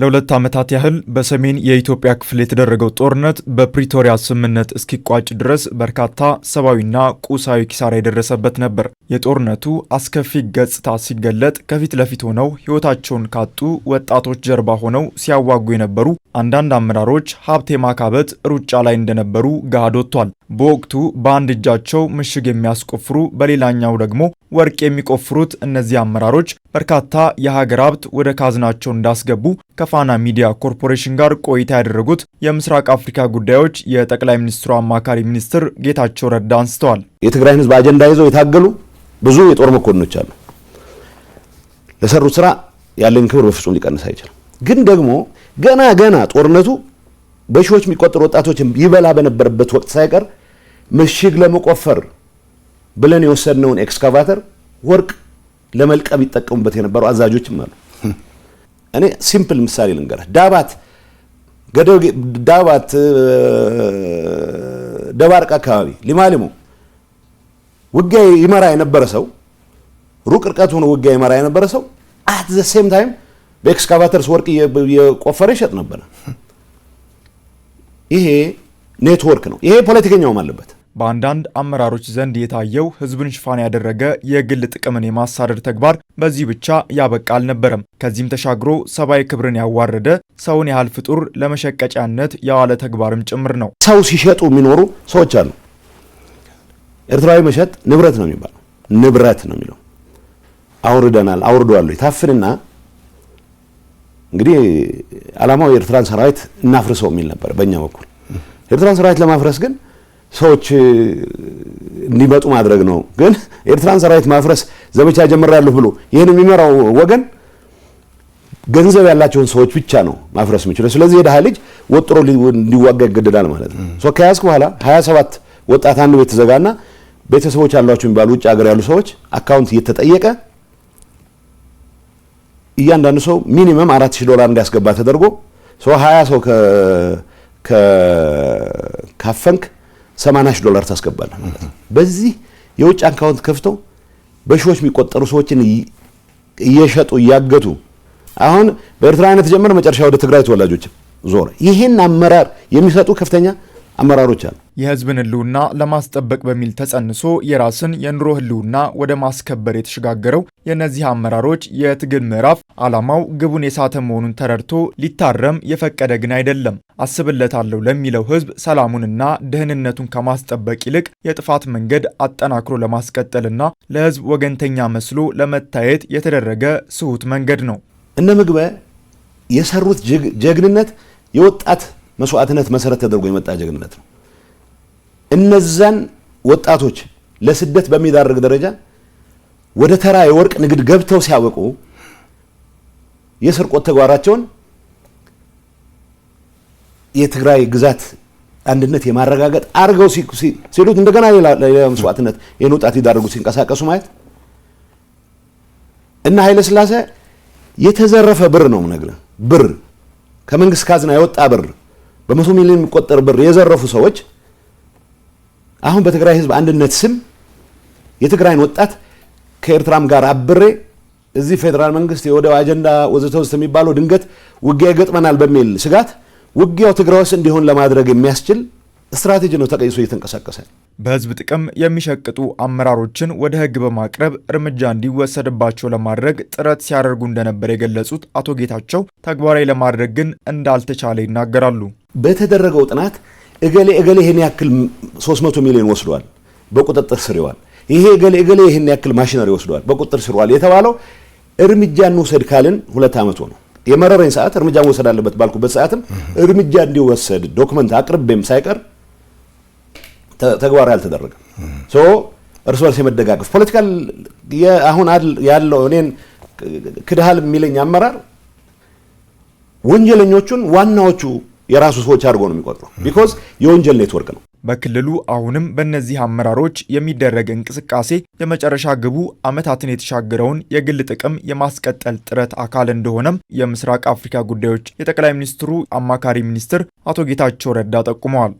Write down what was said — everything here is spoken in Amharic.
ለሁለት ዓመታት ያህል በሰሜን የኢትዮጵያ ክፍል የተደረገው ጦርነት በፕሪቶሪያ ስምምነት እስኪቋጭ ድረስ በርካታ ሰብአዊና ቁሳዊ ኪሳራ የደረሰበት ነበር። የጦርነቱ አስከፊ ገጽታ ሲገለጥ ከፊት ለፊት ሆነው ሕይወታቸውን ካጡ ወጣቶች ጀርባ ሆነው ሲያዋጉ የነበሩ አንዳንድ አመራሮች ሀብት የማካበት ሩጫ ላይ እንደነበሩ ገሃድ ወጥቷል። በወቅቱ በአንድ እጃቸው ምሽግ የሚያስቆፍሩ በሌላኛው ደግሞ ወርቅ የሚቆፍሩት እነዚህ አመራሮች በርካታ የሀገር ሀብት ወደ ካዝናቸው እንዳስገቡ ከፋና ሚዲያ ኮርፖሬሽን ጋር ቆይታ ያደረጉት የምስራቅ አፍሪካ ጉዳዮች የጠቅላይ ሚኒስትሩ አማካሪ ሚኒስትር ጌታቸው ረዳ አንስተዋል። የትግራይን ህዝብ አጀንዳ ይዘው የታገሉ ብዙ የጦር መኮንኖች አሉ። ለሰሩት ስራ ያለን ክብር በፍጹም ሊቀንስ አይችልም። ግን ደግሞ ገና ገና ጦርነቱ በሺዎች የሚቆጠሩ ወጣቶችን ይበላ በነበረበት ወቅት ሳይቀር ምሽግ ለመቆፈር ብለን የወሰድነውን ኤክስካቫተር ወርቅ ለመልቀም ይጠቀሙበት የነበሩ አዛዦችም አሉ። እኔ ሲምፕል ምሳሌ ልንገርህ። ዳባት ገደው ዳባት ደባርቅ አካባቢ ሊማሊሙ ውጊያ ይመራ የነበረ ሰው ሩቅ ርቀት ሆኖ ውጊያ ይመራ የነበረ ሰው አት ዘ ሴም ታይም በኤክስካቫተርስ ወርቅ የቆፈረ ይሸጥ ነበረ። ይሄ ኔትወርክ ነው። ይሄ ፖለቲከኛውም አለበት። በአንዳንድ አመራሮች ዘንድ የታየው ህዝብን ሽፋን ያደረገ የግል ጥቅምን የማሳደድ ተግባር በዚህ ብቻ ያበቃ አልነበረም። ከዚህም ተሻግሮ ሰብአዊ ክብርን ያዋረደ ሰውን ያህል ፍጡር ለመሸቀጫነት የዋለ ተግባርም ጭምር ነው። ሰው ሲሸጡ የሚኖሩ ሰዎች አሉ። ኤርትራዊ መሸጥ ንብረት ነው የሚባለው፣ ንብረት ነው የሚለው አውርደናል፣ አውርደዋል። ታፍንና እንግዲህ አላማው የኤርትራን ሰራዊት እናፍርሰው የሚል ነበር በእኛ በኩል። ኤርትራን ሰራዊት ለማፍረስ ግን ሰዎች እንዲመጡ ማድረግ ነው። ግን ኤርትራን ሰራዊት ማፍረስ ዘመቻ ጀምሬያለሁ ብሎ ይህን የሚመራው ወገን ገንዘብ ያላቸውን ሰዎች ብቻ ነው ማፍረስ የሚችለው። ስለዚህ የድሃ ልጅ ወጥሮ እንዲዋጋ ይገደዳል ማለት ነው። ሶ ከያዝክ በኋላ 27 ወጣት አንድ ቤት ተዘጋና ቤተሰቦች አሏቸው የሚባሉ ውጭ ሀገር ያሉ ሰዎች አካውንት እየተጠየቀ እያንዳንዱ ሰው ሚኒመም 4000 ዶላር እንዲያስገባ ተደርጎ ሰው 20 ሰው ካፈንክ ሰማንያ ሺህ ዶላር ታስገባለህ ማለት ነው። በዚህ የውጭ አካውንት ከፍተው በሺዎች የሚቆጠሩ ሰዎችን እየሸጡ እያገቱ አሁን አይነት ጀምር መጨረሻ ወደ ትግራይ ተወላጆች ዞረ። ይህን አመራር የሚሰጡ ከፍተኛ አመራሮች አሉ። የህዝብን ህልውና ለማስጠበቅ በሚል ተጸንሶ የራስን የኑሮ ህልውና ወደ ማስከበር የተሸጋገረው የእነዚህ አመራሮች የትግል ምዕራፍ ዓላማው ግቡን የሳተ መሆኑን ተረድቶ ሊታረም የፈቀደ ግን አይደለም። አስብለታለሁ ለሚለው ህዝብ ሰላሙንና ደህንነቱን ከማስጠበቅ ይልቅ የጥፋት መንገድ አጠናክሮ ለማስቀጠልና ለህዝብ ወገንተኛ መስሎ ለመታየት የተደረገ ስሁት መንገድ ነው። እነ ምግበ የሰሩት ጀግንነት የወጣት መስዋዕትነት መሰረት ተደርጎ የመጣ ጀግንነት ነው። እነዛን ወጣቶች ለስደት በሚዳርግ ደረጃ ወደ ተራ የወርቅ ንግድ ገብተው ሲያበቁ የስርቆት ተግባራቸውን የትግራይ ግዛት አንድነት የማረጋገጥ አድርገው ሲሉት እንደገና ሌላ መስዋዕትነት ይህን ወጣት ሊዳርጉ ሲንቀሳቀሱ ማየት እና ኃይለ ስላሴ የተዘረፈ ብር ነው ምነግርህ ብር ከመንግስት ካዝና የወጣ ብር በመቶ ሚሊዮን የሚቆጠር ብር የዘረፉ ሰዎች አሁን በትግራይ ህዝብ አንድነት ስም የትግራይን ወጣት ከኤርትራም ጋር አብሬ እዚህ ፌዴራል መንግስት የወደብ አጀንዳ ወዘተ ውስጥ የሚባለው ድንገት ውጊያ ይገጥመናል በሚል ስጋት ውጊያው ትግራይ ውስጥ እንዲሆን ለማድረግ የሚያስችል ስትራቴጂ ነው ተቀይሶ እየተንቀሳቀሰ። በህዝብ ጥቅም የሚሸቅጡ አመራሮችን ወደ ህግ በማቅረብ እርምጃ እንዲወሰድባቸው ለማድረግ ጥረት ሲያደርጉ እንደነበር የገለጹት አቶ ጌታቸው ተግባራዊ ለማድረግ ግን እንዳልተቻለ ይናገራሉ። በተደረገው ጥናት እገሌ እገሌ ይሄን ያክል 300 ሚሊዮን ወስዷል፣ በቁጥጥር ስር ይዋል። ይሄ እገሌ እገሌ ይሄን ያክል ማሽነሪ ወስዷል፣ በቁጥጥር ስር ይዋል የተባለው እርምጃ እንውሰድ ካልን ሁለት ዓመት ሆነው የመረረኝ ሰዓት እርምጃ መውሰድ አለበት ባልኩበት ሰዓትም እርምጃ እንዲወሰድ ዶክመንት አቅርቤም ሳይቀር ተግባራዊ አልተደረገም። እርስ በርስ የመደጋገፍ ፖለቲካል አሁን ያለው እኔን ክድሃል የሚለኝ አመራር ወንጀለኞቹን ዋናዎቹ የራሱ ሰዎች አድርጎ ነው የሚቆጥረው። ቢኮዝ የወንጀል ኔትወርክ ነው። በክልሉ አሁንም በእነዚህ አመራሮች የሚደረግ እንቅስቃሴ የመጨረሻ ግቡ ዓመታትን የተሻገረውን የግል ጥቅም የማስቀጠል ጥረት አካል እንደሆነም የምስራቅ አፍሪካ ጉዳዮች የጠቅላይ ሚኒስትሩ አማካሪ ሚኒስትር አቶ ጌታቸው ረዳ ጠቁመዋል።